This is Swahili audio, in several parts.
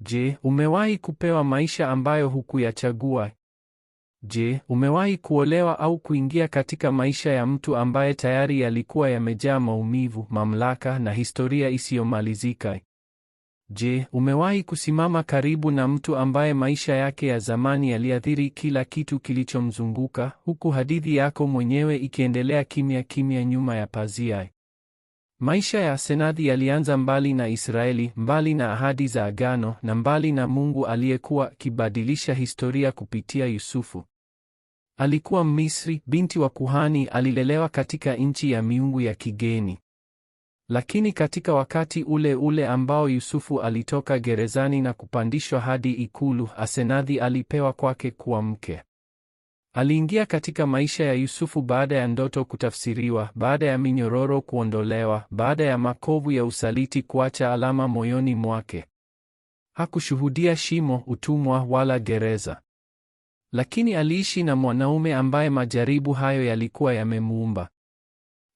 Je, umewahi kupewa maisha ambayo hukuyachagua? Je, umewahi kuolewa au kuingia katika maisha ya mtu ambaye tayari yalikuwa yamejaa maumivu, mamlaka na historia isiyomalizika? Je, umewahi kusimama karibu na mtu ambaye maisha yake ya zamani yaliathiri kila kitu kilichomzunguka, huku hadithi yako mwenyewe ikiendelea kimya kimya nyuma ya pazia? Maisha ya Senadi yalianza mbali na Israeli, mbali na ahadi za agano na mbali na Mungu aliyekuwa akibadilisha historia kupitia Yusufu. Alikuwa Misri, binti wa kuhani, alilelewa katika nchi ya miungu ya kigeni. Lakini katika wakati ule ule ambao Yusufu alitoka gerezani na kupandishwa hadi ikulu, Asenathi alipewa kwake kuwa mke. Aliingia katika maisha ya Yusufu baada ya ndoto kutafsiriwa, baada ya minyororo kuondolewa, baada ya makovu ya usaliti kuacha alama moyoni mwake. Hakushuhudia shimo, utumwa wala gereza. Lakini aliishi na mwanaume ambaye majaribu hayo yalikuwa yamemuumba.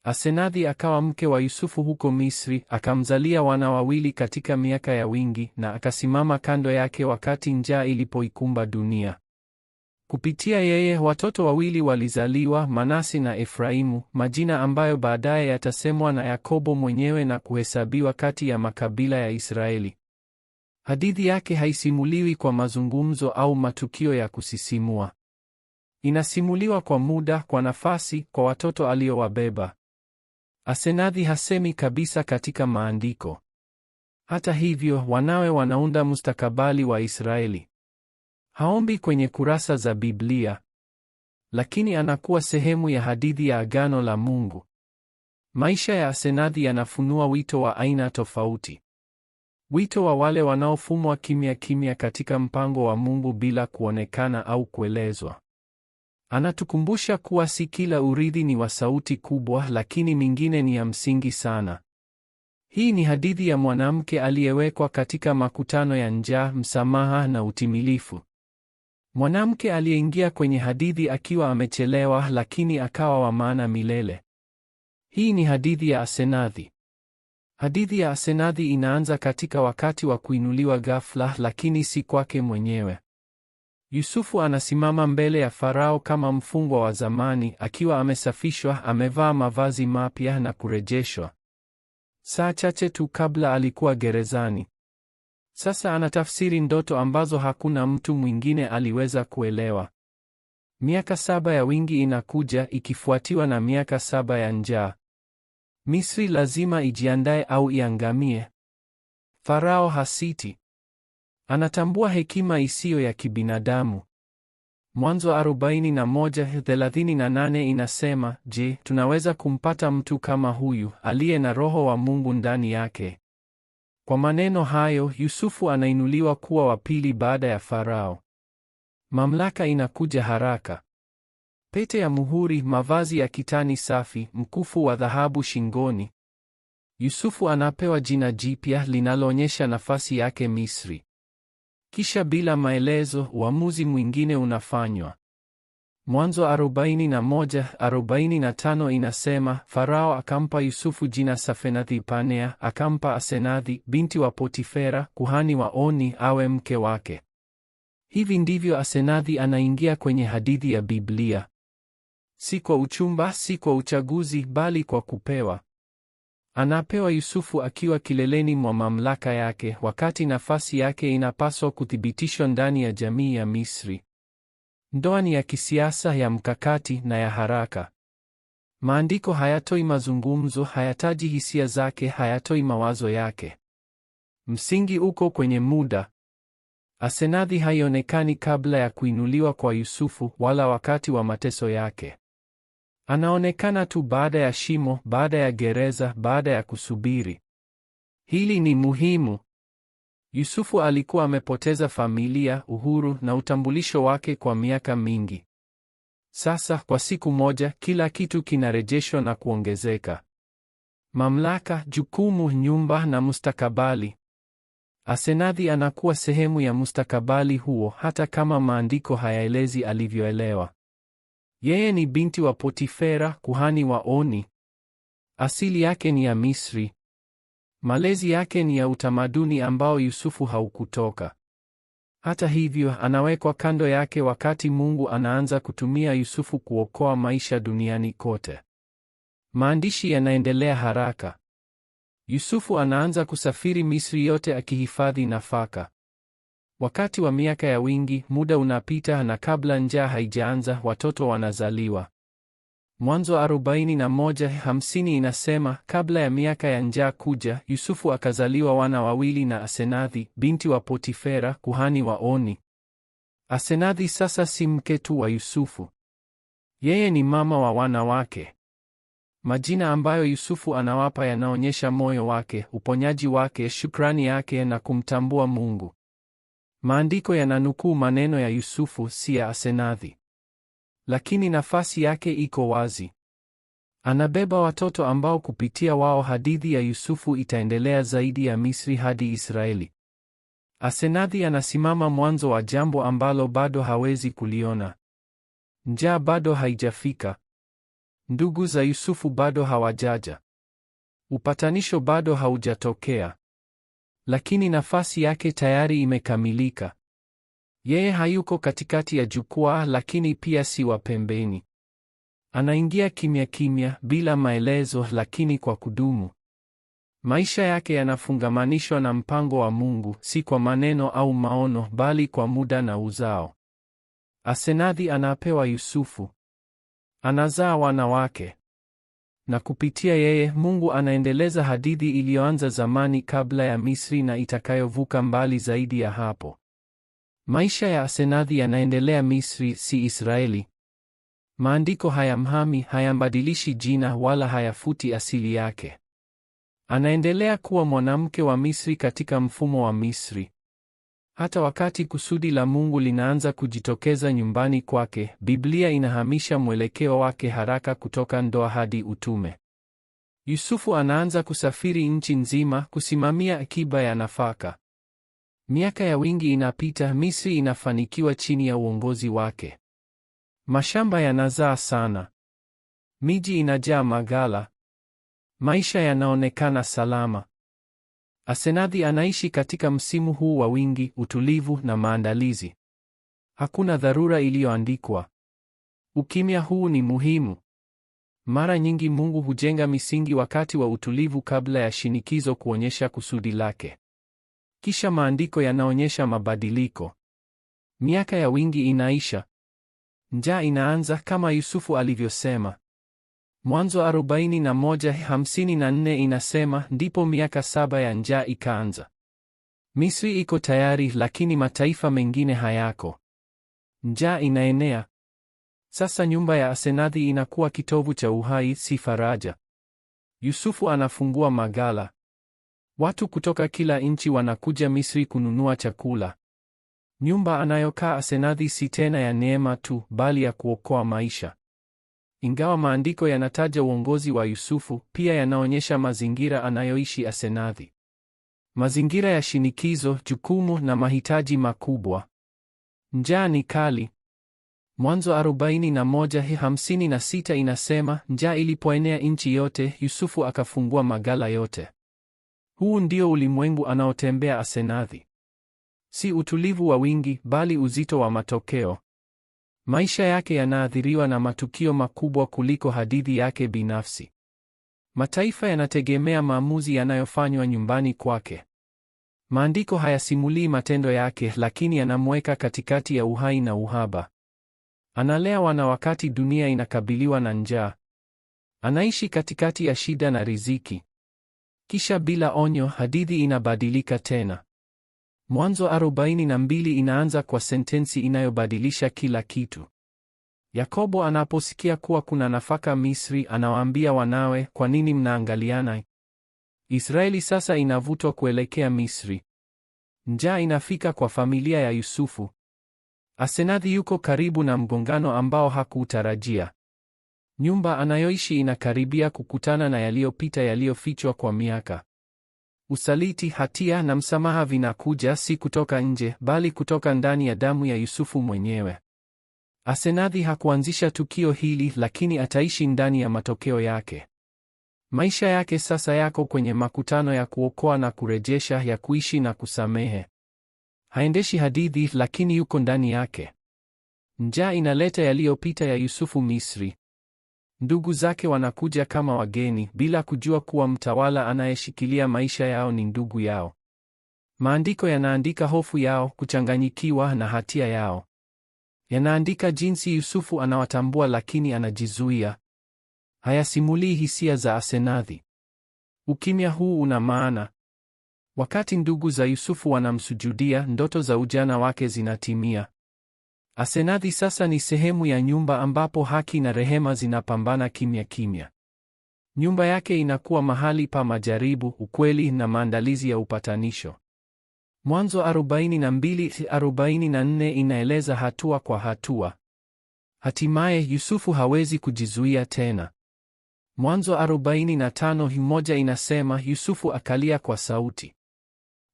Asenathi akawa mke wa Yusufu huko Misri, akamzalia wana wawili katika miaka ya wingi, na akasimama kando yake wakati njaa ilipoikumba dunia. Kupitia yeye watoto wawili walizaliwa, Manasi na Efraimu, majina ambayo baadaye yatasemwa na Yakobo mwenyewe na kuhesabiwa kati ya makabila ya Israeli. Hadithi yake haisimuliwi kwa mazungumzo au matukio ya kusisimua. Inasimuliwa kwa muda, kwa nafasi, kwa watoto aliyowabeba Asenathi hasemi kabisa katika maandiko. Hata hivyo, wanawe wanaunda mustakabali wa Israeli. Haombi kwenye kurasa za Biblia, lakini anakuwa sehemu ya hadithi ya agano la Mungu. Maisha ya Asenathi yanafunua wito wa aina tofauti, wito wa wale wanaofumwa kimya kimya katika mpango wa Mungu bila kuonekana au kuelezwa. Anatukumbusha kuwa si kila urithi ni wa sauti kubwa, lakini mingine ni ya msingi sana. Hii ni hadithi ya mwanamke aliyewekwa katika makutano ya njaa, msamaha na utimilifu. Mwanamke aliyeingia kwenye hadithi akiwa amechelewa lakini akawa wa maana milele. Hii ni hadithi ya Asenathi. Hadithi ya Asenathi inaanza katika wakati wa kuinuliwa ghafla, lakini si kwake mwenyewe. Yusufu anasimama mbele ya Farao kama mfungwa wa zamani, akiwa amesafishwa, amevaa mavazi mapya na kurejeshwa. Saa chache tu kabla alikuwa gerezani. Sasa anatafsiri ndoto ambazo hakuna mtu mwingine aliweza kuelewa. Miaka saba ya wingi inakuja ikifuatiwa na miaka saba ya njaa. Misri lazima ijiandae au iangamie. Farao hasiti. Anatambua hekima isiyo ya kibinadamu. Mwanzo 41:38 inasema, "Je, tunaweza kumpata mtu kama huyu aliye na roho wa Mungu ndani yake?" Kwa maneno hayo, Yusufu anainuliwa kuwa wa pili baada ya Farao. Mamlaka inakuja haraka. Pete ya muhuri, mavazi ya kitani safi, mkufu wa dhahabu shingoni. Yusufu anapewa jina jipya linaloonyesha nafasi yake Misri. Kisha bila maelezo, uamuzi mwingine unafanywa. Mwanzo 41:45 inasema Farao akampa Yusufu jina Safenathi Panea, akampa Asenathi binti wa Potifera, kuhani wa Oni, awe mke wake. Hivi ndivyo Asenathi anaingia kwenye hadithi ya Biblia. Si kwa uchumba, si kwa uchaguzi, bali kwa kupewa. Anapewa Yusufu akiwa kileleni mwa mamlaka yake, wakati nafasi yake inapaswa kuthibitishwa ndani ya jamii ya Misri. Ndoa ni ya kisiasa, ya mkakati na ya haraka. Maandiko hayatoi mazungumzo, hayataji hisia zake, hayatoi mawazo yake. Msingi uko kwenye muda. Asenathi haionekani kabla ya kuinuliwa kwa Yusufu wala wakati wa mateso yake. Anaonekana tu baada ya shimo, baada ya gereza, baada ya kusubiri. Hili ni muhimu. Yusufu alikuwa amepoteza familia, uhuru na utambulisho wake kwa miaka mingi. Sasa kwa siku moja, kila kitu kinarejeshwa na kuongezeka: mamlaka, jukumu, nyumba na mustakabali. Asenathi anakuwa sehemu ya mustakabali huo, hata kama maandiko hayaelezi alivyoelewa. Yeye ni binti wa Potifera, kuhani wa Oni. Asili yake ni ya Misri. Malezi yake ni ya utamaduni ambao Yusufu haukutoka. Hata hivyo, anawekwa kando yake wakati Mungu anaanza kutumia Yusufu kuokoa maisha duniani kote. Maandishi yanaendelea haraka. Yusufu anaanza kusafiri Misri yote akihifadhi nafaka. Wakati wa miaka ya wingi, muda unapita na kabla njaa haijaanza, watoto wanazaliwa. Mwanzo 41 hamsini inasema kabla ya miaka ya njaa kuja, Yusufu akazaliwa wana wawili na Asenathi binti wa Potifera kuhani wa Oni. Asenathi sasa si mke tu wa Yusufu, yeye ni mama wa wana wake Majina ambayo Yusufu anawapa yanaonyesha moyo wake, uponyaji wake, shukrani yake na kumtambua Mungu. Maandiko yananukuu maneno ya Yusufu, si ya Asenathi lakini nafasi yake iko wazi. Anabeba watoto ambao kupitia wao hadithi ya Yusufu itaendelea zaidi ya Misri hadi Israeli. Asenathi anasimama mwanzo wa jambo ambalo bado hawezi kuliona. Njaa bado haijafika. Ndugu za Yusufu bado hawajaja. Upatanisho bado haujatokea. Lakini nafasi yake tayari imekamilika. Yeye hayuko katikati ya jukwaa, lakini pia si wa pembeni. Anaingia kimya kimya, bila maelezo, lakini kwa kudumu. Maisha yake yanafungamanishwa na mpango wa Mungu, si kwa maneno au maono, bali kwa muda na uzao. Asenathi anapewa Yusufu, anazaa wanawake, na kupitia yeye Mungu anaendeleza hadithi iliyoanza zamani kabla ya Misri na itakayovuka mbali zaidi ya hapo. Maisha ya Asenathi yanaendelea Misri, si Israeli. Maandiko hayamhami, hayambadilishi jina wala hayafuti asili yake. Anaendelea kuwa mwanamke wa Misri katika mfumo wa Misri. Hata wakati kusudi la Mungu linaanza kujitokeza nyumbani kwake, Biblia inahamisha mwelekeo wake haraka kutoka ndoa hadi utume. Yusufu anaanza kusafiri nchi nzima kusimamia akiba ya nafaka. Miaka ya wingi inapita, Misri inafanikiwa chini ya uongozi wake. Mashamba yanazaa sana. Miji inajaa magala Maisha yanaonekana salama. Asenathi anaishi katika msimu huu wa wingi, utulivu na maandalizi. Hakuna dharura iliyoandikwa. Ukimya huu ni muhimu. Mara nyingi Mungu hujenga misingi wakati wa utulivu kabla ya shinikizo kuonyesha kusudi lake. Kisha maandiko yanaonyesha mabadiliko. Miaka ya wingi inaisha, njaa inaanza kama Yusufu alivyosema. Mwanzo 41:54 inasema, ndipo miaka saba ya njaa ikaanza. Misri iko tayari, lakini mataifa mengine hayako. Njaa inaenea. Sasa nyumba ya Asenathi inakuwa kitovu cha uhai, si faraja. Yusufu anafungua magala. Watu kutoka kila nchi wanakuja Misri kununua chakula. Nyumba anayokaa Asenathi si tena ya neema tu, bali ya kuokoa maisha. Ingawa maandiko yanataja uongozi wa Yusufu, pia yanaonyesha mazingira anayoishi Asenathi, mazingira ya shinikizo, jukumu na mahitaji makubwa. Njaa ni kali. Mwanzo 41 he inasema, njaa ilipoenea nchi yote, Yusufu akafungua magala yote. Huu ndio ulimwengu anaotembea Asenathi. Si utulivu wa wingi, bali uzito wa matokeo. Maisha yake yanaathiriwa na matukio makubwa kuliko hadithi yake binafsi. Mataifa yanategemea maamuzi yanayofanywa nyumbani kwake. Maandiko hayasimulii matendo yake, lakini yanamweka katikati ya uhai na uhaba. Analea wana wakati dunia inakabiliwa na njaa. Anaishi katikati ya shida na riziki. Kisha bila onyo, hadithi inabadilika tena. Mwanzo 42 inaanza kwa sentensi inayobadilisha kila kitu. Yakobo anaposikia kuwa kuna nafaka Misri, anawaambia wanawe, kwa nini mnaangaliana? Israeli sasa inavutwa kuelekea Misri. Njaa inafika kwa familia ya Yusufu. Asenathi yuko karibu na mgongano ambao hakuutarajia. Nyumba anayoishi inakaribia kukutana na yaliyopita yaliyofichwa kwa miaka. Usaliti, hatia na msamaha vinakuja si kutoka nje, bali kutoka ndani ya damu ya Yusufu mwenyewe. Asenathi hakuanzisha tukio hili, lakini ataishi ndani ya matokeo yake. Maisha yake sasa yako kwenye makutano ya kuokoa na kurejesha, ya kuishi na kusamehe. Haendeshi hadithi, lakini yuko ndani yake. Njaa inaleta yaliyopita ya Yusufu Misri. Ndugu zake wanakuja kama wageni bila kujua kuwa mtawala anayeshikilia maisha yao ni ndugu yao. Maandiko yanaandika hofu yao, kuchanganyikiwa na hatia yao. Yanaandika jinsi Yusufu anawatambua lakini anajizuia. Hayasimulii hisia za Asenathi. Ukimya huu una maana. Wakati ndugu za Yusufu wanamsujudia, ndoto za ujana wake zinatimia. Asenadi sasa ni sehemu ya nyumba ambapo haki na rehema zinapambana kimya kimya. Nyumba yake inakuwa mahali pa majaribu, ukweli na maandalizi ya upatanisho. Mwanzo 42:44 inaeleza hatua kwa hatua. Hatimaye Yusufu hawezi kujizuia tena. Mwanzo 45 inasema Yusufu akalia kwa sauti.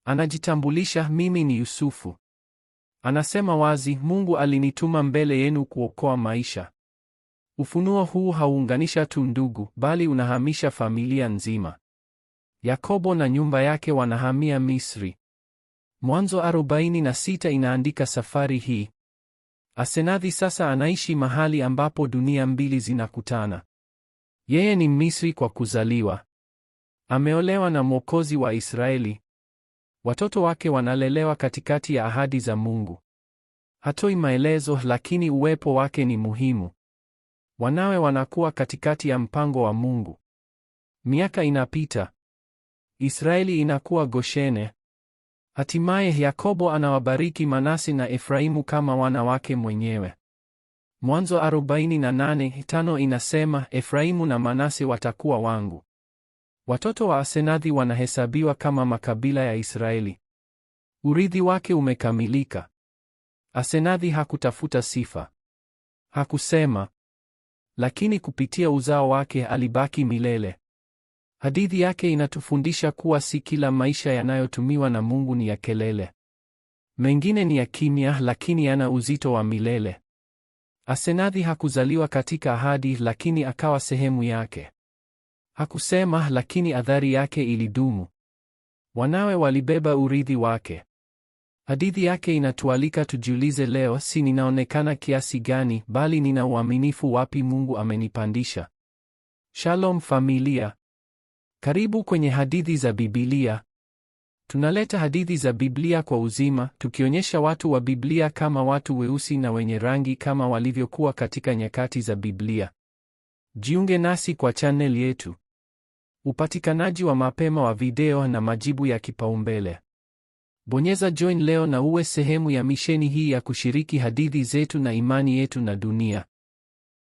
Anajitambulisha, mimi ni Yusufu. Anasema wazi, Mungu alinituma mbele yenu kuokoa maisha. Ufunuo huu hauunganisha tu ndugu, bali unahamisha familia nzima. Yakobo na nyumba yake wanahamia Misri. Mwanzo 46 inaandika safari hii. Asenathi sasa anaishi mahali ambapo dunia mbili zinakutana. Yeye ni Misri kwa kuzaliwa. Ameolewa na Mwokozi wa Israeli. Watoto wake wanalelewa katikati ya ahadi za Mungu. Hatoi maelezo, lakini uwepo wake ni muhimu. Wanawe wanakuwa katikati ya mpango wa Mungu. Miaka inapita, Israeli inakuwa Goshene. Hatimaye Yakobo anawabariki Manase na Efraimu kama wana wake mwenyewe. Mwanzo 48:5 inasema Efraimu na Manase watakuwa wangu. Watoto wa Asenathi wanahesabiwa kama makabila ya Israeli. Urithi wake umekamilika. Asenathi hakutafuta sifa. Hakusema, lakini kupitia uzao wake alibaki milele. Hadithi yake inatufundisha kuwa si kila maisha yanayotumiwa na Mungu ni ya kelele. Mengine ni ya kimya, lakini yana uzito wa milele. Asenathi hakuzaliwa katika ahadi, lakini akawa sehemu yake. Hakusema, lakini athari yake ilidumu. Wanawe walibeba urithi wake. Hadithi yake inatualika tujiulize leo, si ninaonekana kiasi gani, bali nina uaminifu wapi Mungu amenipandisha. Shalom familia, karibu kwenye hadithi za Biblia. Tunaleta hadithi za Biblia kwa uzima, tukionyesha watu wa Biblia kama watu weusi na wenye rangi kama walivyokuwa katika nyakati za Biblia. Jiunge nasi kwa channel yetu. Upatikanaji wa mapema wa video na majibu ya kipaumbele. Bonyeza join leo na uwe sehemu ya misheni hii ya kushiriki hadithi zetu na imani yetu na dunia.